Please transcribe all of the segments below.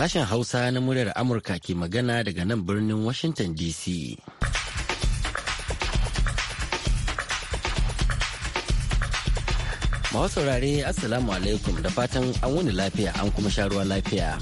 Sashen Hausa na muryar Amurka ke magana daga nan birnin Washington DC. Masu saurare Assalamu alaikum da fatan an wuni lafiya an kuma sha ruwa lafiya.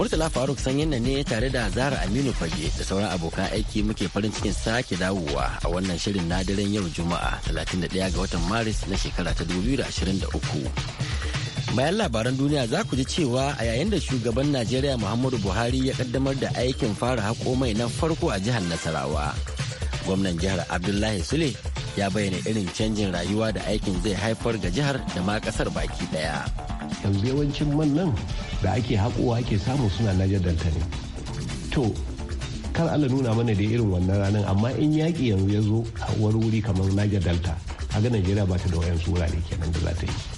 Murtala Faruk sanyin nan ne tare da Zara Aminu Fage da sauran abokan aiki muke farin cikin sake dawowa a wannan shirin na daren yau Juma'a 31 ga watan Maris na shekara ta 2023. bayan labaran duniya za ku ji cewa a yayin da shugaban najeriya muhammadu buhari ya kaddamar da aikin fara haƙo mai na farko a jihar nasarawa gwamnan jihar abdullahi sule ya bayyana irin canjin rayuwa da aikin zai haifar ga jihar da ma kasar baki daya yanzu yawancin man nan da ake haƙowa ake samu suna najar delta ne to kar allah nuna mana da irin wannan ranar amma in yaƙi yanzu ya zo a wuri kamar najar delta a ga najeriya ba ta da wayan ne kenan da za ta yi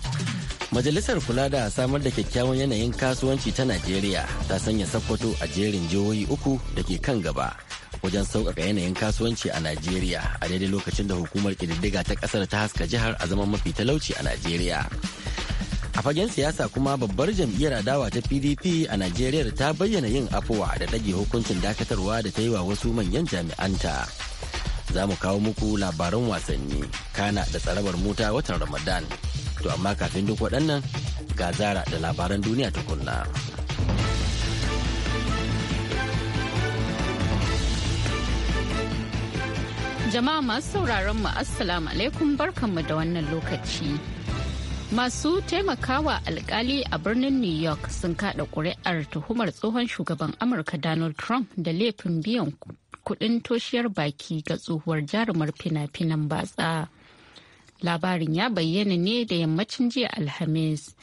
Majalisar kula da samar da kyakkyawan yanayin kasuwanci ta Najeriya ta sanya Sokoto a jerin jihohi uku da ke kan gaba wajen sauƙaƙa yanayin kasuwanci a Najeriya a daidai lokacin da hukumar ƙididdiga ta ƙasar ta haska jihar a zaman mafi talauci a Najeriya. A fagen siyasa kuma babbar jam'iyyar adawa ta PDP a Najeriya ta bayyana yin afuwa da ɗage hukuncin dakatarwa da ta yi wa wasu manyan jami'anta. Za mu kawo muku labaran wasanni, kana da tsarabar mota watan Ramadan. To amma kafin duk waɗannan ga zara da labaran duniya ta tukunna. Jama'a masu sauraron mu Assalamu alaikum barkanmu da wannan lokaci. Masu taimakawa alkali a birnin New York sun kada kuri'ar tuhumar tsohon shugaban Amurka Donald Trump da laifin biyan kuɗin toshiyar baki ga tsohuwar jarumar fina-finan batsa. labarin ya bayyana ne da yammacin jiya alhamis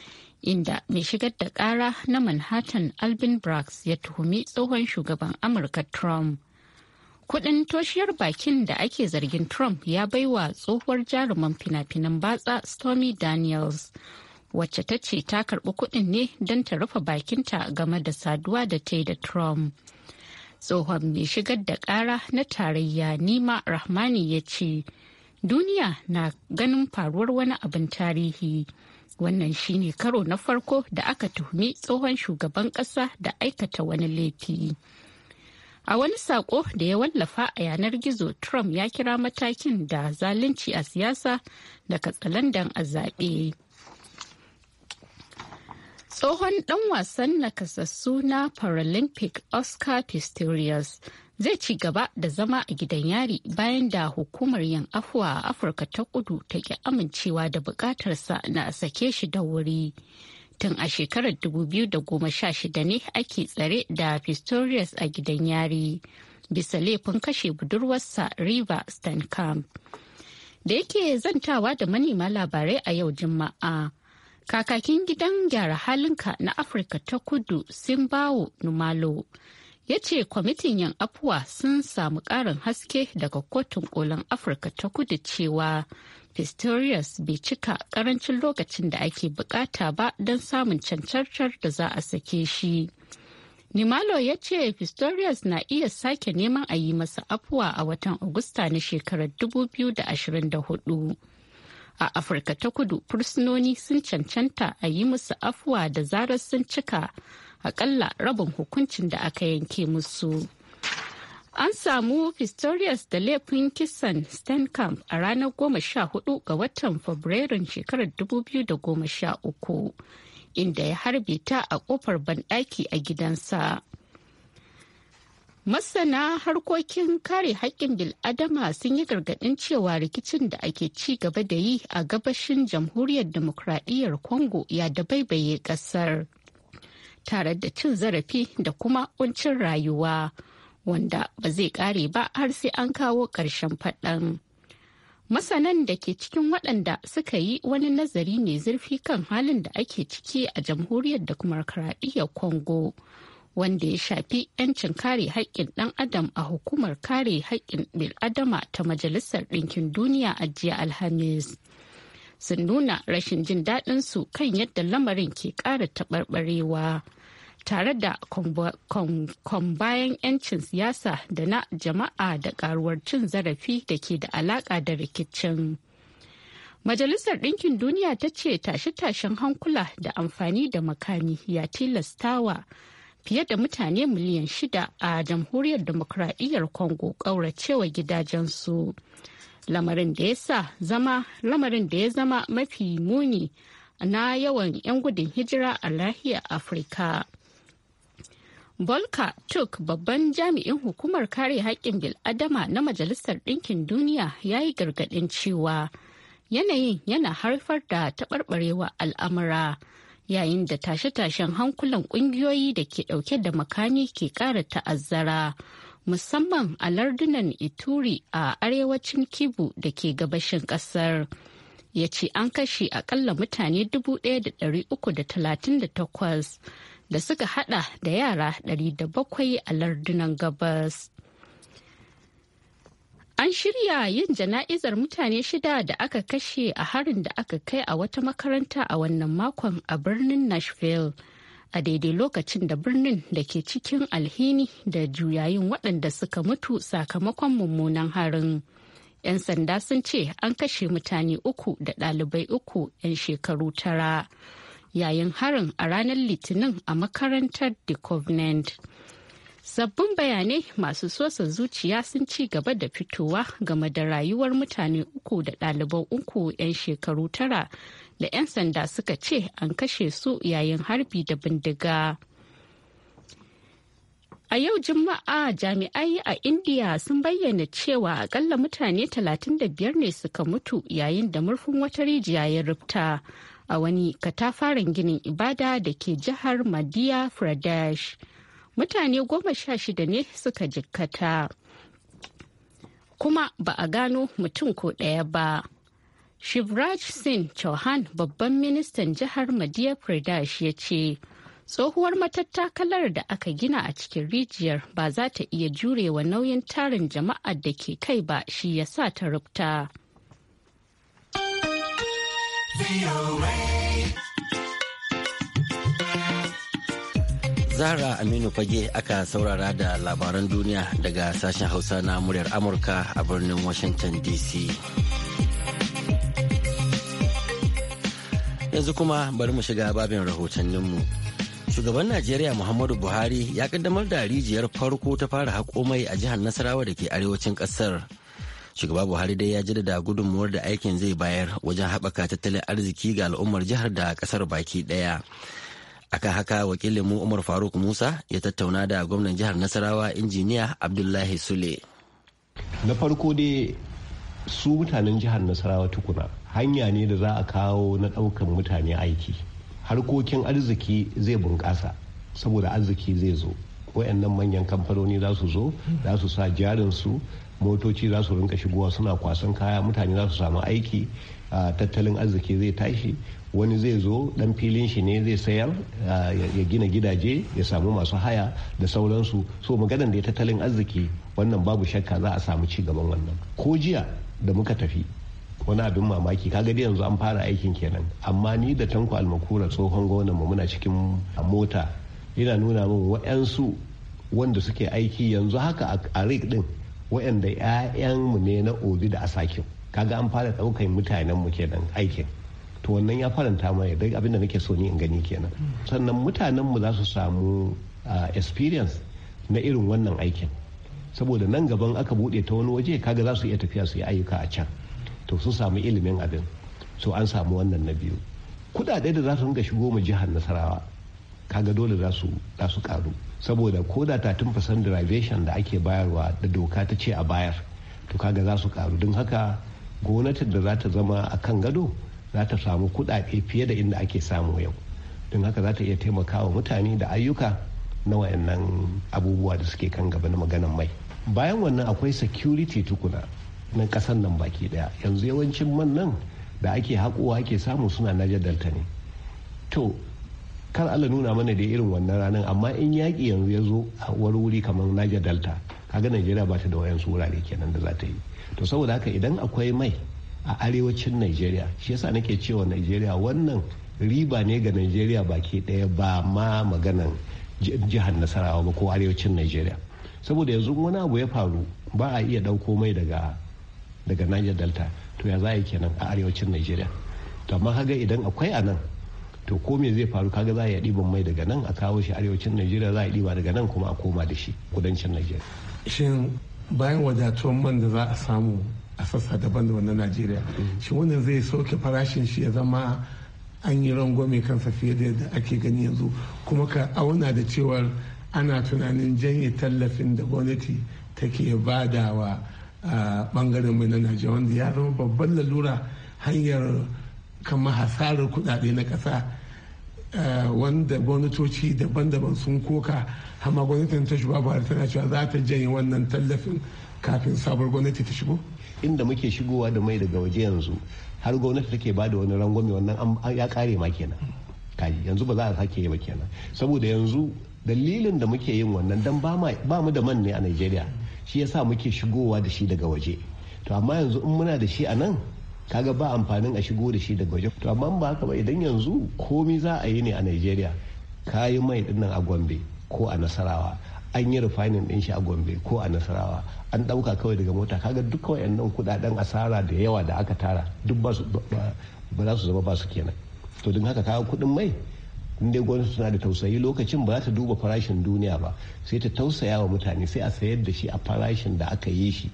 inda mai shigar da kara na manhattan albin brax ya tuhumi tsohon shugaban amurka trump kudin toshiyar bakin da ake zargin trump ya baiwa tsohuwar jaruman fina-finan batsa stormy daniels wacce ta ce ta karbi kudin ne don ta rufe bakinta game da saduwa da ta yi da trump tsohon mai shigar da kara na tarayya nima rahmani ya ce duniya na ganin faruwar wani abin tarihi wannan shine karo na farko da aka tuhumi tsohon shugaban kasa da aikata wani laifi a wani sako da ya wallafa a yanar gizo trump ya kira matakin da zalunci a siyasa daga katsalandan a zaɓe. Tsohon ɗan wasan nakasassu na Paralympic Oscar Pistorius zai ci gaba da zama a gidan yari bayan da hukumar yan afuwa a Afirka ta kudu ta ki amincewa da bukatarsa na sake shi da wuri. Tun a shekarar 2016 ne ake tsare da Pistorius a gidan yari bisa laifin kashe budurwarsa Riva camp Da yake zantawa da manema labarai a yau Juma'a. Kakakin gidan gyara halinka na Afirka ta kudu sun bawo Numalo ya ce kwamitin yan afuwa sun samu ƙarin haske daga kotun kolon Afirka ta kudu cewa Pistorius bai cika ƙarancin lokacin da ake bukata ba don samun cancantar da za a sake shi. Nimalo ya ce Pistorius na iya sake neman a yi masa afuwa a watan Agusta na shekarar 2024. a afirka ta kudu fursunoni sun cancanta a yi musu afuwa da zarar sun cika akalla rabin hukuncin da aka yanke musu an samu pistorius da laifin kisan stenkamp a ranar 14 ga watan fabrairun shekarar 2013 inda ya harbe ta a kofar banɗaki a gidansa Masana harkokin kare haƙƙin bil'adama sun yi gargaɗin cewa rikicin da ake ci gaba da yi a gabashin jamhuriyar demokradiyyar Congo ya dabaibaye ƙasar. Tare da cin zarafi da kuma kuncin rayuwa, wanda ba zai ƙare ba har sai an kawo ƙarshen faɗan. Masanan da ke cikin waɗanda suka yi wani nazari ne zurfi kan halin da ake ciki a jamhuriyar da kuma wanda ya shafi 'yancin kare haƙƙin ɗan adam a hukumar kare haƙƙin bil'adama ta majalisar ɗinkin duniya a jiya alhamis sun nuna rashin jin daɗinsu kan yadda lamarin ke ƙara taɓarɓarewa tare da kwambayan 'yancin siyasa da na jama'a da ƙaruwar cin zarafi da ke da alaƙa da rikicin. Majalisar Ɗinkin Duniya ta ce tashe-tashen hankula da amfani da makami ya tilastawa fiye da mutane miliyan shida a jamhuriyar demokuraɗiyyar congo ƙauracewa gidajensu lamarin da ya sa zama lamarin da ya zama mafi muni na yawan 'yan gudun hijira a lahiyar afirka volka tuk babban jami'in hukumar kare haƙƙin bil'adama na Majalisar Ɗinkin Duniya ya yi gargaɗin cewa yanayin yana, haifar harfar da taɓarɓarewa al'amura yayin da tashe-tashen hankulan kungiyoyi da ke dauke da makami ke kara ta'azzara musamman a lardunan ituri a arewacin kibu da ke gabashin kasar ya ce an kashe akalla mutane 1,338 da suka hada da yara 700 a lardunan gabas. An shirya yin jana'izar mutane shida da aka kashe a harin da aka kai a wata makaranta a wannan makon a birnin Nashville. A daidai lokacin da birnin da ke cikin alhini da juyayin waɗanda suka mutu sakamakon mummunan harin. 'Yan sanda sun ce an kashe mutane uku da ɗalibai uku 'yan shekaru tara. Yayin harin a ranar Litinin a makarantar The Covenant. sabbin bayanai masu sosa zuciya sun ci gaba da fitowa game da rayuwar mutane uku da ɗaliban uku 'yan shekaru tara da 'yan sanda suka ce an kashe su yayin harbi da bindiga A yau Juma'a jami'ai a India sun bayyana cewa akalla mutane 35 ne suka mutu yayin da murfin wata rijiya ya rufta a wani katafaren ginin ibada da ke jihar Madhya Pradesh. mutane goma sha shida ne suka jikkata kuma ba a gano mutum ko ɗaya ba shivraj singh chauhan babban ministan jihar madhya pradesh ya ce tsohuwar matattakalar da aka gina a cikin rijiyar ba za ta iya jurewa nauyin tarin jama'a da ke kai ba shi ya sa ta rubta. Zahra Aminu Fage aka saurara da labaran duniya daga sashen Hausa na muryar Amurka a birnin Washington DC. Yanzu kuma bari mu shiga babin rahotanninmu. Shugaban Najeriya Muhammadu Buhari ya kaddamar da rijiyar farko ta fara haƙo a jihar Nasarawa da ke arewacin ƙasar. Shugaba Buhari dai ya jaddada gudunmuwar da aikin zai bayar wajen haɓaka tattalin arziki ga al'ummar jihar da ƙasar baki ɗaya. akan haka wakilin mu umar faruk musa ya tattauna da gwamnan jihar nasarawa injiniya abdullahi sule na farko dai su mutanen jihar nasarawa tukuna hanya ne da za a kawo na ɗaukan mutane aiki harkokin arziki zai bunƙasa saboda arziki zai zo wayannan manyan kamfanoni za su zo za su sa jarinsu motoci za su rinka shigowa suna kwasan kaya mutane za su samu aiki tattalin arziki zai tashi wani zai zo dan filin shi ne zai sayar ya gina gidaje ya samu masu haya da sauransu so maganar da ya tattalin arziki wannan babu shakka za a samu ci gaban wannan ko jiya da muka tafi wani abin mamaki kaga dai yanzu an fara aikin kenan amma ni da tanko almakura tsohon gwamnan mu muna cikin mota yana nuna min wa'yansu wanda suke aiki yanzu haka a rik din wa'yanda mu ne na obi da asakin kaga an fara mutanen mu kenan aikin to wannan ya faranta ma duk abin da nake so ni in gani kenan sannan mutanen mu za su samu experience na irin wannan aikin saboda nan gaban aka bude ta wani waje kaga za su iya tafiya su yi ayyuka a can to sun samu ilimin abin so an samu wannan na biyu kudade da za su ringa shigo mu jihar nasarawa kaga dole za su za su karu saboda ko da ta tun fasan derivation da ake bayarwa da doka ta ce a bayar to kaga za su karu don haka gwamnatin da za ta zama a kan gado za ta samu kuɗaɗe fiye da inda ake samu yau don haka za ta iya taimakawa mutane da ayyuka na wayannan abubuwa da suke kan gaba na maganan mai bayan wannan akwai security tukuna na ƙasan nan baki daya yanzu yawancin man nan da ake haƙowa ake samu suna najar delta ne to kar Allah nuna mana da irin wannan ranar amma in yaƙi yanzu ya zo a wani wuri kamar Niger Delta kaga Najeriya ba ta da wayan wurare kenan da za ta yi to saboda haka idan akwai mai a arewacin nigeria shi yasa nake cewa nigeria wannan riba ne ga nigeria baki daya ba ma maganan jihar nasarawa ba ko arewacin nigeria saboda yanzu wani abu ya faru ba a iya ɗauko mai daga daga niger delta to ya za a yi kenan a arewacin nigeria to amma kaga idan akwai a nan to ko me zai faru kaga za a iya ɗiban mai daga nan a kawo shi arewacin nigeria za a ɗiba daga nan kuma a koma da shi kudancin nigeria shin bayan wadatuwan man da za a samu a sassa daban da na najeriya shi wannan zai sauke farashin shi ya zama an yi rangwame kansa fiye da yadda ake gani yanzu kuma ka auna da cewar ana tunanin janye tallafin da gwamnati take badawa a bangaren mai na najeriya wanda ya zama babban lalura hanyar kama hasarar kudade na kasa wanda gwamnatoci daban-daban sun koka amma gwamnatin ta shugaba tana cewa za ta janye wannan tallafin kafin sabuwar gwamnati ta shigo inda muke shigowa da mai daga waje yanzu har gwamnati take ba da wani rangwame wannan ya kare ma kenan kaji yanzu ba za a sake yi ba kenan saboda yanzu dalilin da muke yin wannan dan ba mu da man ne a Najeriya shi yasa muke shigowa da shi daga waje to amma yanzu in muna da shi a nan kaga ba amfanin a shigo da shi daga waje to amma ba haka ba idan yanzu komi za a yi ne a Najeriya kayi mai dinnan a Gombe ko a Nasarawa an yi rufanin din shi a gombe ko a nasarawa an ɗauka kawai daga mota kaga duk nan kudaden asara da yawa da aka tara duk ba za su zama ba su kenan to don haka kaga kudin mai dai gwamnati suna da tausayi lokacin ba za ta duba farashin duniya ba sai ta tausaya wa mutane sai a sayar da shi a farashin da aka yi shi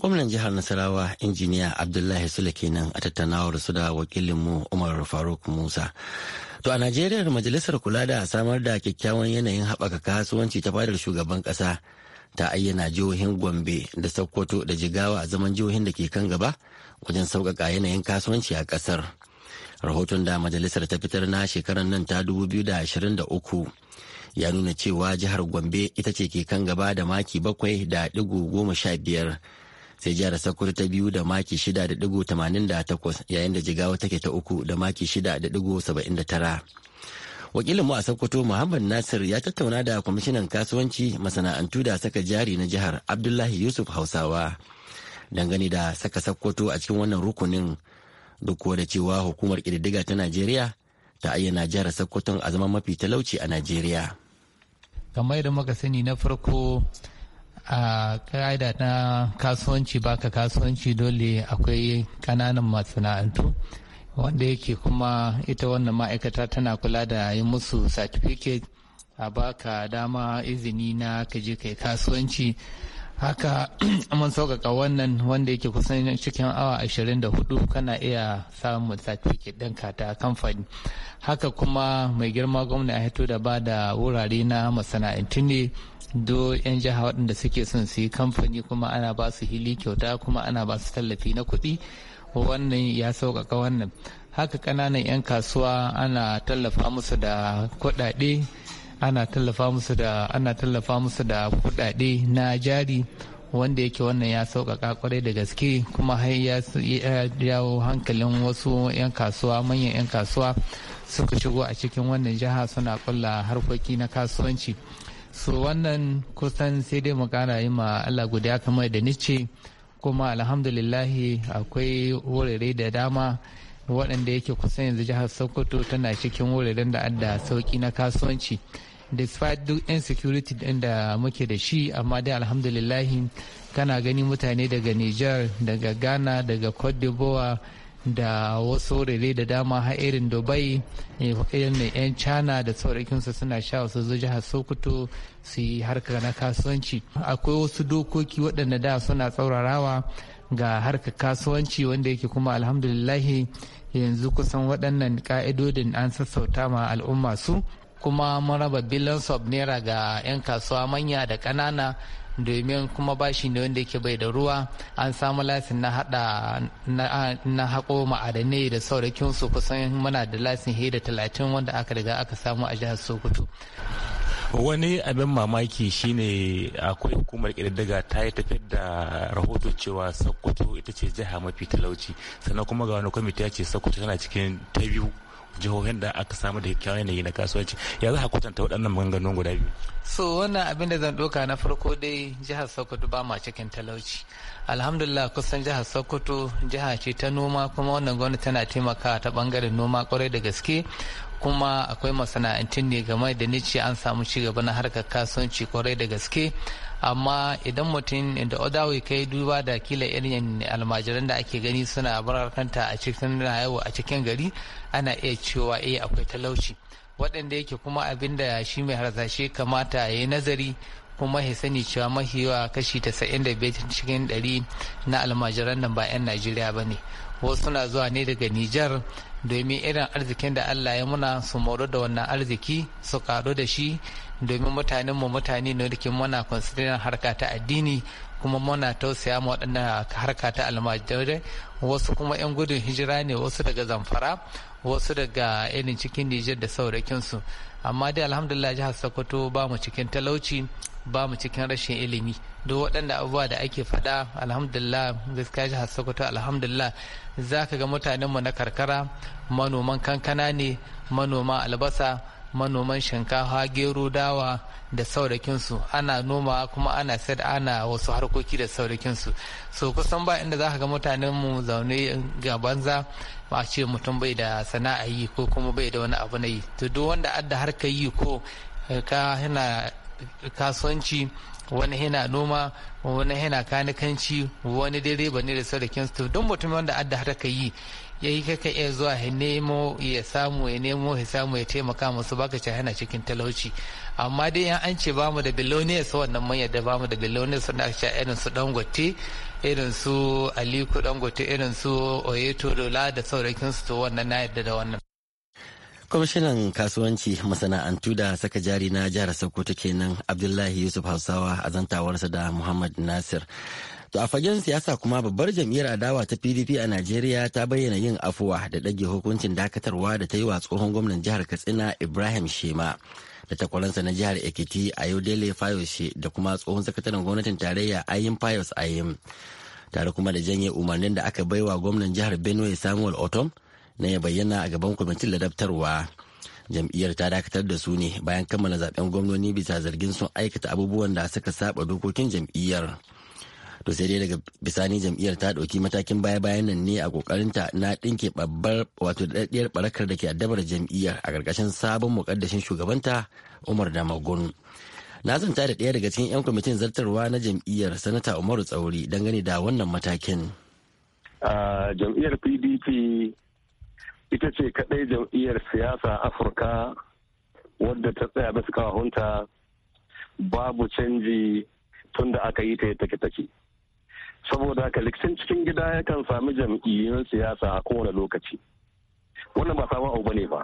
gwamnan jihar nasarawa injiniya abdullahi sule kenan a tattaunawar su da wakilinmu umar faruk musa To a Najeriya majalisar kula da samar da kyakkyawan yanayin haɓaka kasuwanci ta fadar shugaban ƙasa ta ayyana jihohin Gombe da Sokoto da Jigawa a zaman jihohin da ke kan gaba wajen sauƙaƙa yanayin kasuwanci a ƙasar. Rahoton da majalisar ta fitar na shekarar nan ta 2023 ya nuna cewa jihar Gombe ita ce ke kan gaba da maki bakwai da ɗigo goma sha biyar sai jihar sokoto ta biyu da maki 6.88 yayin da jigawa take ta uku da maki 6.79 wakilinmu a sokoto muhammad nasir ya tattauna da kwamishinan kasuwanci masana'antu da saka jari na jihar abdullahi yusuf hausawa dangane da saka sokoto a cikin wannan rukunin duk da cewa hukumar ƙididdiga ta najeriya ta ayyana jihar sokoton a zama mafi talauci a najeriya kamar da muka sani na farko a ƙa'ida na kasuwanci baka kasuwanci dole akwai ƙananan masana'antu wanda yake kuma ita wannan ma'aikata tana kula da yi musu satifiket a baka dama izini na ka je kai kasuwanci haka mun sauƙaƙa wannan wanda yake kusan cikin awa 24 kana iya samun certificate ɗinka ta kamfani haka kuma mai girma gwamna ya hito da ba da wurare na masana'antu ne do 'yan jiha waɗanda suke son su yi kamfani kuma ana ba su hili kyauta kuma ana ba su tallafi na kuɗi wannan ya sauƙaƙa wannan haka ƙananan 'yan kasuwa ana tallafa musu da kuɗaɗe ana tallafa musu da ana tallafa musu da kuɗaɗe na jari wanda yake wannan ya sauƙaƙa kwarai da gaske kuma har ya jawo hankalin wasu 'yan kasuwa manyan 'yan kasuwa suka shigo a cikin wannan jiha suna kulla harkoki na kasuwanci so wannan kusan sai dai mu kara yi ma Allah ya kamar da nice kuma alhamdulillahi akwai wurare da dama waɗanda yake kusan yanzu jihar Sokoto tana cikin wuraren da adda sauki na kasuwanci despite duk insecurity din da muke da shi amma dai alhamdulillahi kana gani mutane daga Niger daga Ghana daga Cote d'Ivoire da wasu rere da dama har irin dubai eh, irin yan china da saurakinsu suna sha wasu zuwa jihar sokoto su yi harka na kasuwanci akwai wasu dokoki waɗanda da suna tsaurarawa ga harka kasuwanci wanda yake kuma alhamdulillahi yanzu kusan waɗannan ka'idodin an sassauta ma al'umma su kuma mun raba bilan naira ga 'yan kasuwa manya da ƙanana domin kuma bashi ne wanda yake bai da ruwa an samu lasin na hada na hako ma'adanai da saurakin su kusan muna da lasin he da talatin wanda aka riga aka samu a jihar sokoto wani abin mamaki shine akwai hukumar ƙididdiga ta yi tafiyar da rahoto cewa sokoto ita ce jiha mafi talauci sannan kuma ga wani kwamiti ya ce sokoto tana cikin ta biyu jihohin da aka samu da kyakkyawan yanayi na kasuwanci ya za a kwatanta waɗannan maganganun guda biyu so wannan abin da zan ɗauka na farko dai jihar sokoto ba ma cikin talauci alhamdulillah kusan jihar sokoto jiha ce ta noma kuma wannan gwamnati tana taimakawa ta bangaren noma kwarai da gaske kuma akwai masana'antun ne game da ni an samu ci gaba na harkar kasuwanci kwarai da gaske amma idan mutum da odawi kai duba da kila irin almajiran da ake gani suna barakanta a cikin yawo a cikin gari ana iya cewa eh akwai talauci waɗanda yake kuma abin da shi mai harsashe kamata ya yi nazari kuma ya sani cewa yawa kashi da biyar cikin ɗari na almajiran nan ba 'yan najeriya ba ne wasu suna zuwa ne daga Nijar domin irin arzikin da Allah ya muna su moro da wannan arziki su karo da shi domin mutanen mu mutane ne da muna considering harka ta addini kuma muna tausaya mu waɗannan harka ta almajirai wasu kuma 'yan gudun hijira ne wasu daga zamfara wasu daga irin cikin nijar da saurakinsu amma dai alhamdulillah jihar sokoto ba mu cikin talauci ba mu cikin rashin ilimi duk waɗanda abubuwa da ake faɗa alhamdulillah gaskiya jihar sokoto alhamdulillah za ka ga mutanenmu na karkara manoman kankana ne manoman albasa manoman shinkafa gero dawa da saurakinsu ana noma kuma ana sayar ana wasu harkoki da saurakinsu so kusan ba inda za ka ga mu zaune ga banza ba ce mutum bai da sana'a yi ko kuma bai da wani abu na yi to duk wanda adda harka yi ko eh, ka hina kasuwanci wani hina noma wani hina kanikanci wani direba ne da saurakinsu to duk mutum wanda adda harka yi ya yi kaka iya zuwa ya nemo ya samu ya nemo ya samu ya taimaka masu baka ci hana cikin talauci amma dai yan an ce bamu da su wannan manyan yadda bamu da su na sha irin su dangote irin su aliko dangote irin su oyeto dola da saurakin su to wannan na yadda da wannan kwamishinan kasuwanci masana'antu da saka jari na jihar sokoto kenan abdullahi yusuf hausawa a zantawarsa da muhammad nasir To a fagen siyasa kuma babbar jam'iyyar adawa ta PDP a Najeriya ta bayyana yin afuwa da ɗage hukuncin dakatarwa da ta yi wa tsohon gwamnan jihar Katsina Ibrahim Shema. da takwaransa na jihar Ekiti a yau Dele da kuma tsohon sakataren gwamnatin tarayya Ayim Fayos Ayim. Tare kuma da janye umarnin da aka baiwa gwamnan jihar Benue Samuel Otom na ya bayyana a gaban kwamitin ladabtarwa jam'iyyar ta dakatar da su ne bayan kammala zaben gwamnoni bisa zargin sun aikata abubuwan da suka saba dokokin jam'iyyar to sai dai daga bisani jam'iyyar ta ɗauki matakin baya-bayan nan ne a kokarinta na ɗinke babbar wato daɗaɗɗiyar barakar da ke addabar jam'iyyar a karkashin sabon muƙaddashin shugabanta umar damagun na zanta da ɗaya daga cikin 'yan kwamitin zartarwa na jam'iyyar sanata umaru tsauri gani da wannan matakin jam'iyyar pdp ita ce kaɗai jam'iyyar siyasa afirka wadda ta tsaya bisa kawahunta babu canji tun da aka yi ta take take saboda haka liksin cikin gida ya kan sami jam'iyyun siyasa a kowane lokaci wannan ba sabon abu ne ba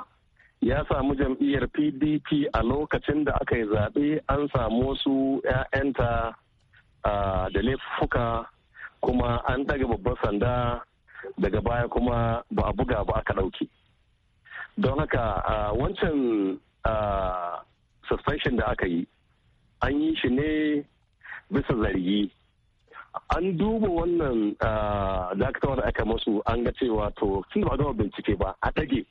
ya samu jam'iyyar pdp a lokacin da aka yi zaɓe an samu wasu 'ya'yanta da laifuka kuma an ɗaga babban sanda daga baya kuma ba a buga ba aka ɗauke don haka wancan suspension da aka yi an yi shi ne bisa zargi an duba wannan ah, dakatarwa da aka masu an ga cewa to sun ba gama bincike ba a ɗage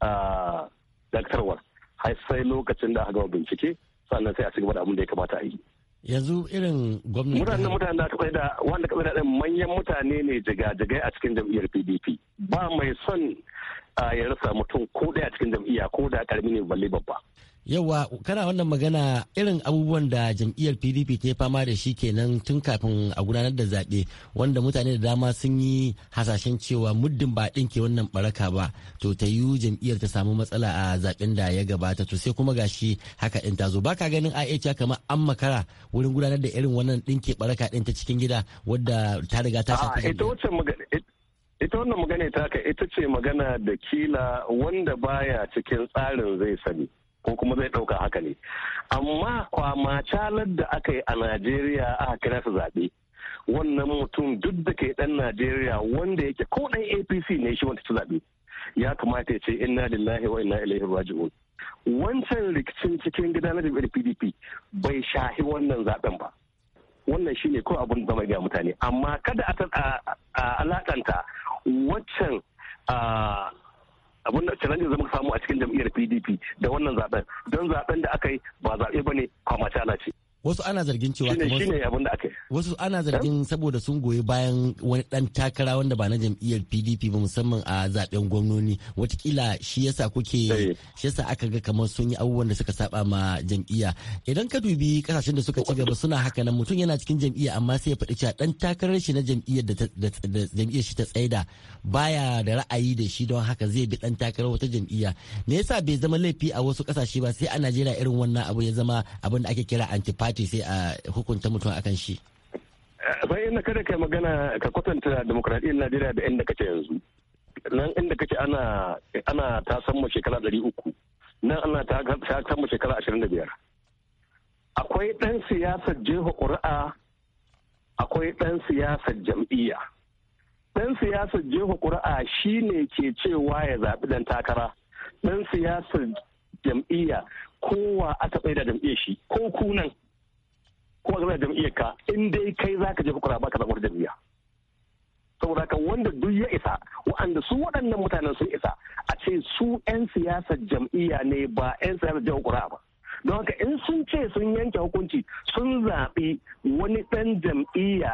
ah, dakatarwar har sai lokacin da aka gama bincike sannan sai a cigaba da abin da ya kamata a yi. yanzu irin gwamnati mutanen mutanen da aka da wanda ka da manyan mutane ne jiga-jigai a cikin jam'iyyar PDP ba mai son ah, ya rasa mutum ko daya a cikin jam'iyya ko da karmi ne balle babba yawa kana wannan magana irin abubuwan da jam'iyyar pdp ta yi fama da shi kenan tun kafin a gudanar da zaɓe wanda mutane da dama sun yi hasashen cewa muddin ba ɗinke wannan baraka ba to ta yi jam'iyyar ta samu matsala a zaɓen da ya gabata to sai kuma gashi haka ɗin ta zo ba ka ganin ai'a kamar an makara wurin gudanar da irin wannan ɗinke baraka ɗin ta cikin gida wadda ta riga ta shafi ita wannan magana ta ita ce magana da kila wanda baya cikin tsarin zai sani ko kuma zai ɗauka haka ne amma kwama calar da aka yi a najeriya aka kira su zaɓe wannan mutum duk da ke ɗan najeriya wanda yake ko ɗan apc ne shi wanda ci zaɓe ya kamata ya ce inna lillahi wa inna ilaihi raji'un wancan rikicin cikin gida na jam'iyyar pdp bai shahi wannan zaɓen ba wannan shine ko abin da mai mutane amma kada a alakanta waccan abin da challenges da muka samu a cikin jam'iyyar pdp da wannan zaben don zaben da aka yi ba zaɓe ba ne kwamacala ce wasu ana zargin cewa kamar wasu ana zargin saboda sun goyi bayan wani dan takara wanda ba na jam'iyyar PDP ba musamman a zaben gwamnoni watakila shi yasa kuke eh. shi yasa aka ga kamar sun yi abubuwan da suka saba ma jam'iyya idan ka dubi kasashen da suka ci gaba suna haka nan mutum yana cikin jam'iyya amma sai ya faɗi cewa dan takarar shi na jam'iyyar da jam'iyyar shi ta tsaida baya da ra'ayi da shi don haka zai bi dan takarar wata jam'iyya me yasa bai zama laifi a wasu kasashe ba sai a Najeriya irin wannan abu ya zama abin da ake kira anti ɓaci sai a hukunta mutum akan shi bayan kada kai magana ka kwatanta demokradiyyar najeriya da inda kace yanzu nan inda kace ana ana ta samu shekara ɗari uku nan ana ta samu shekara ashirin da biyar akwai ɗan siyasar jefa ƙuri'a akwai ɗan siyasar jam'iyya ɗan siyasar jefa ƙuri'a shi ne ke cewa ya zaɓi ɗan takara ɗan siyasar jam'iyya kowa aka tsaye da jam'iyyar shi ko kunan kuma zama jam'iyyar ka in dai kai zaka jefa kura baka zama jam'iyya saboda haka wanda duk ya isa wa'anda su waɗannan mutanen sun isa a ce su 'yan siyasar jam'iyya ne ba 'yan siyasar jefa kura ba don haka in sun ce sun yanke hukunci sun zaɓi wani ɗan jam'iyya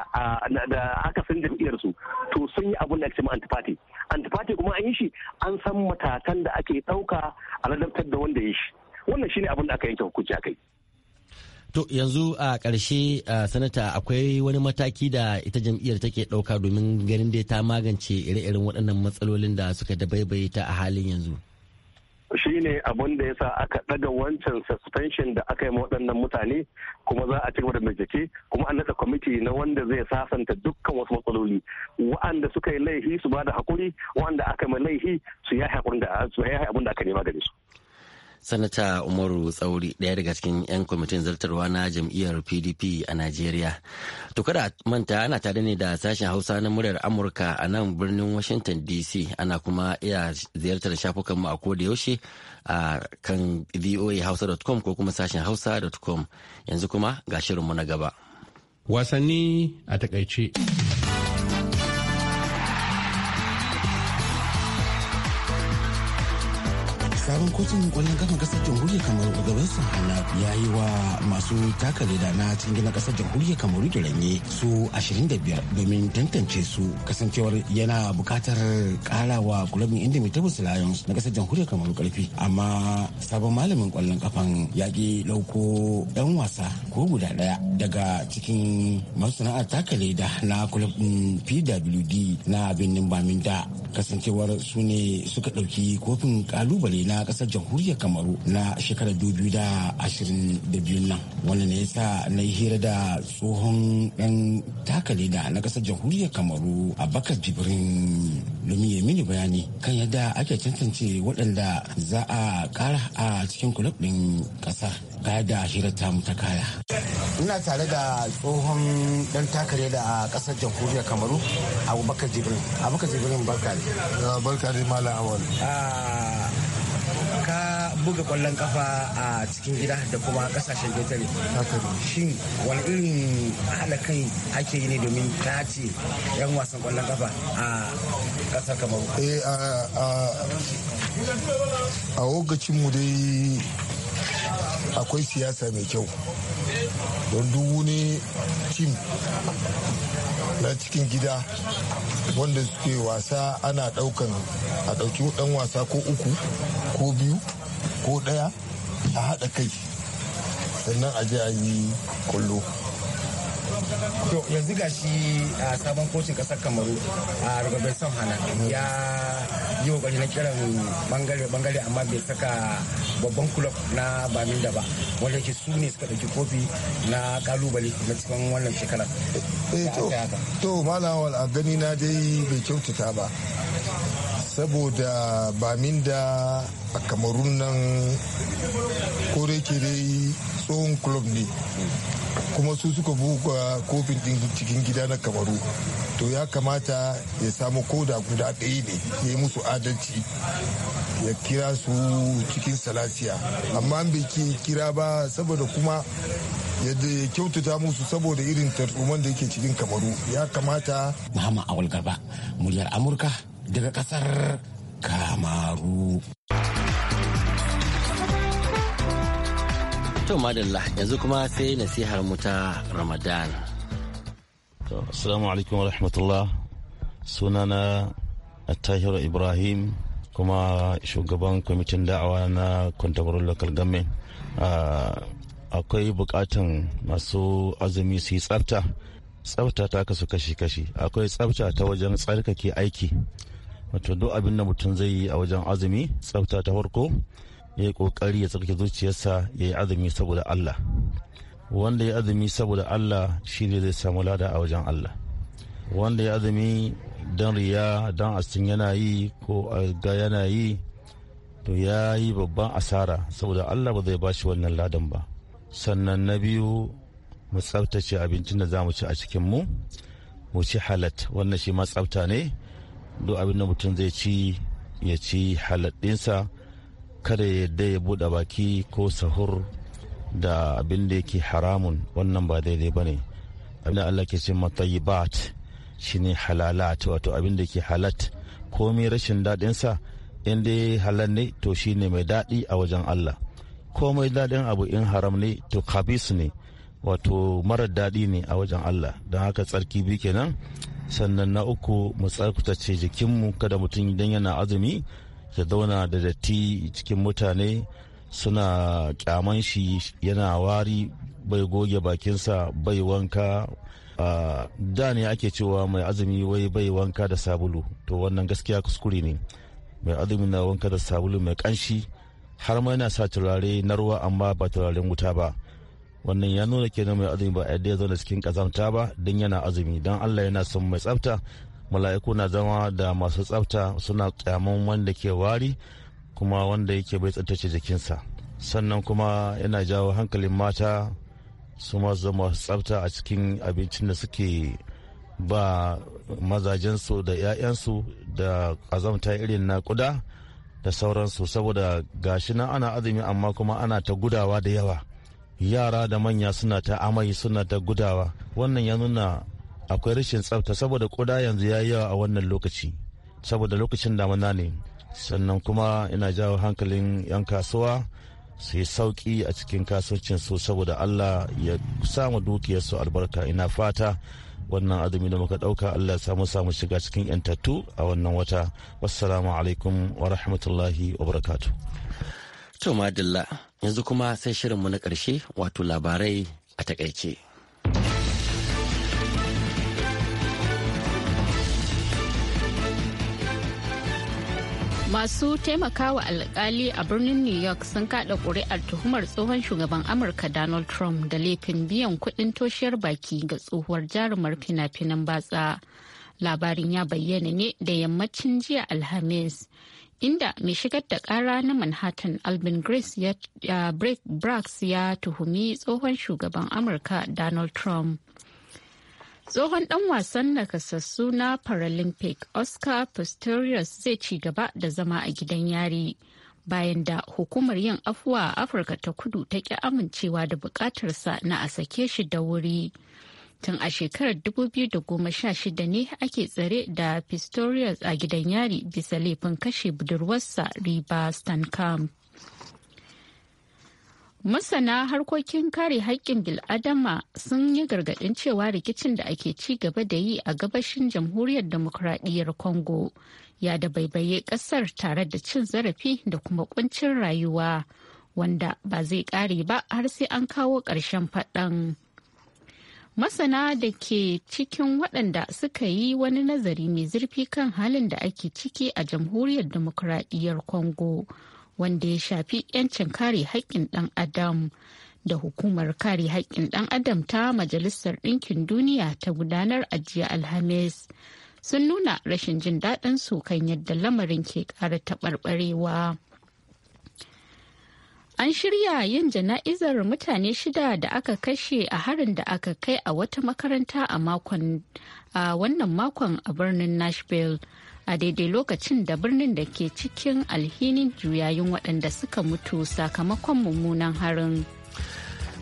da aka jam'iyyar su, to sun yi abin da ake cewa antifati antifati kuma an yi shi an san matakan da ake ɗauka a ladabtar da wanda ya shi wannan shine abin da aka yanke hukunci akai To yanzu a ƙarshe sanata akwai wani mataki da ita jam'iyyar take ɗauka domin ganin dai ta magance ire-iren waɗannan matsalolin da suka dabaibaye ta a halin yanzu. shi ne abin da ya sa aka ɗaga wancan suspension da aka yi waɗannan mutane kuma za a ci gaba da bincike kuma an naɗa kwamiti na wanda zai sasanta dukkan wasu matsaloli wa'anda suka yi laifi su ba da haƙuri wa'anda aka yi laifi su yi da su abin da aka nema gare su sanata umaru tsauri ɗaya daga cikin 'yan kwamitin zartarwa na jam'iyyar pdp a najeriya to kada manta ana tare ne da sashen hausa na muryar amurka a nan birnin washington dc ana kuma iya ziyartar shafukanmu a da yaushe a kan voahausa.com ko kuma sashen hausa.com yanzu kuma ga shirinmu na gaba wasanni a takaice sabon kotun kwallon kafin kasar jamhuriyar kamaru a gaban sahana ya yi wa masu taka leda na cikin kasar jamhuriyar kamaru da ranye su 25 domin tantance su kasancewar yana bukatar kara wa kulabin indomitable lions na kasar jamhuriyar kamaru karfi amma sabon malamin kwallon kafan ya ki lauko yan wasa ko guda daya daga cikin masu sana'ar taka leda na kulabin pwd na birnin baminta kasancewar su ne suka dauki kofin kalubale na na kasar jamhuriyar kamaru na shekarar biyu nan wanda ne yasa na yi hira da tsohon dan takalida na kasar jamhuriyar kamaru abakar jibrin lumiye ya mini bayani kan yadda ake tantance waɗanda za a ƙara a cikin kulub ɗin ƙasa ga da hirar tamu ta kaya. Ina tare da tsohon dan takare da a ƙasar jamhuriyar Kamaru, Abubakar Jibrin. Abubakar Jibrin barka ne. Barka ne Malam ka buga kwallon kafa a cikin gida da kuma kasashen ƙetare shi wani irin hada ake yi ne domin tace yan wasan kwallon kafa a ƙasar kamaru eh, a lokacin dai akwai siyasa mai kyau don duk wani tim na cikin gida wanda suke wasa ana daukan a dauki dan wasa ko uku ko biyu ko daya a haɗa kai sannan a je a yi kwallo to yanzu ga shi a sabon kocin kasar kamaru a rubaben son hana ya yi kokari na kiran bangare bangare amma bai saka babban kulob na da ba wanda yake su ne suka ɗauki kofi na kalubale na cikin wannan shekara. Eh, to malawal a gani na dai bai kyautata ba saboda baminda a kamarun nan kore ke dai tsohon kulob ne kuma su suka buga uh, kofin din cikin gida na kamaru to ya kamata ya samu koda guda ɗaya ne ya yi musu adalci ya kira su cikin salasiya amma an bai kira ba saboda kuma yadda ya kyautata musu saboda irin tarzoman da yake cikin kamaru ya kamata muhammad awal garba muryar amurka daga kasar kamaru To madalla yanzu kuma sai nasihar mu ta Ramadan. To assalamu alaikum wa rahmatullah sunana atahiru Ibrahim kuma shugaban kwamitin da'awa na Contemporary Local Government. Akwai bukatan masu azumi su yi tsafta. Tsafta ta kasu kashi-kashi. Akwai tsafta ta wajen tsarkake aiki. Wato duk abin da mutum zai yi a wajen azumi tsafta ta farko. ya yi ƙoƙari ya tsarki zuciyarsa ya yi azumi saboda Allah wanda ya azumi saboda Allah shi ne zai samu lada a wajen Allah wanda ya azumi don riya don asin yana yi ko ga yana yi to ya yi babban asara saboda Allah ba zai ba shi wannan ladan ba sannan na biyu mu tsabtace abincin da za mu ci a cikin mu mu ci halat wannan shi ma tsabta ne duk abin da mutum zai ci ya ci halat ɗinsa kada ya yadda ya buɗe baki ko sahur da abin da yake haramun wannan ba daidai ba ne abin da allah ke ce matayibat ne halalat wato abin da ke halat komai rashin daɗinsa in dai halal ne to shi ne mai daɗi a wajen allah komai daɗin abu in haram ne to kabis ne wato marar daɗi ne a wajen allah don haka tsarki biyu kenan sannan na uku mu tsarkutace jikinmu kada mutum idan yana azumi ya zauna da datti cikin mutane suna kyaman shi yana wari bai goge bakinsa bai wanka da ne ake cewa mai azumi wai bai wanka da sabulu to wannan gaskiya kuskure ne mai azumi na wanka da sabulu mai kanshi har ma yana sa turare na ruwa amma ba turaren wuta ba wannan ya nuna kenan mai azumi ba a yadda ya zauna cikin kazamta ba don yana azumi don allah yana son mai tsafta mala'iku na zama da masu tsafta suna tsamin wanda ke wari kuma wanda yake bai tsaftace jikinsa sannan kuma yana jawo hankalin mata su masu tsafta a cikin abincin da suke ba mazajensu da 'ya'yansu da azamta irin na kuda da sauransu saboda gashi nan ana azumi amma kuma ana ta gudawa da yawa yara da manya suna ta amai suna ta gudawa wannan ya nuna akwai rashin tsafta saboda koda yanzu ya yawa a wannan lokaci saboda lokacin damana ne sannan kuma ina jawo hankalin 'yan kasuwa su yi sauki a cikin kasuwancin su saboda allah ya samu su albarka ina fata wannan azumi da muka dauka Allah ya samu samu shiga cikin yantattu a wannan wata wassalamu alaikum wa rahmatullahi wa barakatu to madalla yanzu kuma sai shirinmu na karshe wato labarai a takaice Masu taimakawa alkali a birnin New York sun kada kuri'ar tuhumar tsohon shugaban Amurka Donald Trump da laifin biyan kudin toshiyar baki ga tsohuwar jarumar fina-finan batsa. Labarin ya bayyana ne da yammacin jiya Alhamis, inda mai shigar da kara na Manhattan Albin Grace ya Brax ya tuhumi tsohon shugaban Amurka Donald Trump. Tsohon ɗan wasan nakasassu na Paralympic Oscar Pistorius zai ci gaba da zama a gidan yari bayan da hukumar yin afuwa a Afirka ta kudu ta ƙi amincewa da buƙatarsa na a sake shi da wuri. Tun a shekarar 2016 ne ake tsare da Pistorius a gidan yari bisa laifin kashe budurwarsa Riba Stankamp. Masana harkokin kare haƙƙin bil'adama sun yi gargaɗin cewa rikicin da ake ci gaba da yi a gabashin jamhuriyar demokuraɗiyyar Congo ya da baibaye ƙasar tare da cin zarafi da kuma ƙuncin rayuwa wanda ba zai ƙare ba har sai an kawo ƙarshen faɗan. Masana da ke cikin waɗanda suka yi wani nazari mai zurfi kan halin da ake ciki a jamhuriyar demokuraɗiyyar Congo. wanda ya shafi 'yancin kare haƙƙin ɗan adam da hukumar kare haƙƙin ɗan adam ta majalisar ɗinkin duniya ta gudanar a jiya alhamis sun nuna rashin jin daɗin su kan yadda lamarin ke ƙara taɓarɓarewa an shirya yin jana'izar mutane shida da aka kashe a harin da aka kai a wata makaranta a wannan makon a birnin nashville a daidai lokacin da birnin da ke cikin alhinin juyayin waɗanda suka mutu sakamakon mummunan harin.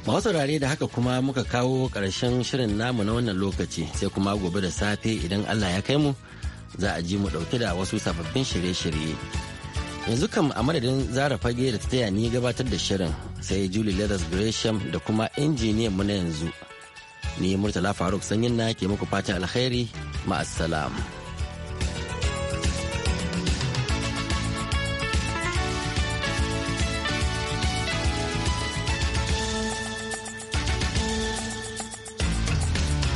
masu saurare da haka kuma muka kawo ƙarshen shirin namu na wannan lokaci sai kuma gobe da safe idan allah ya kai mu za a ji mu ɗauke da wasu sababbin shirye-shirye yanzu kam a madadin zara fage da ta taya ni gabatar da shirin sai julie leathers gresham da kuma injiniyan mu na yanzu ni murtala faruk sanyin na ke muku fatan alkhairi ma'assalam.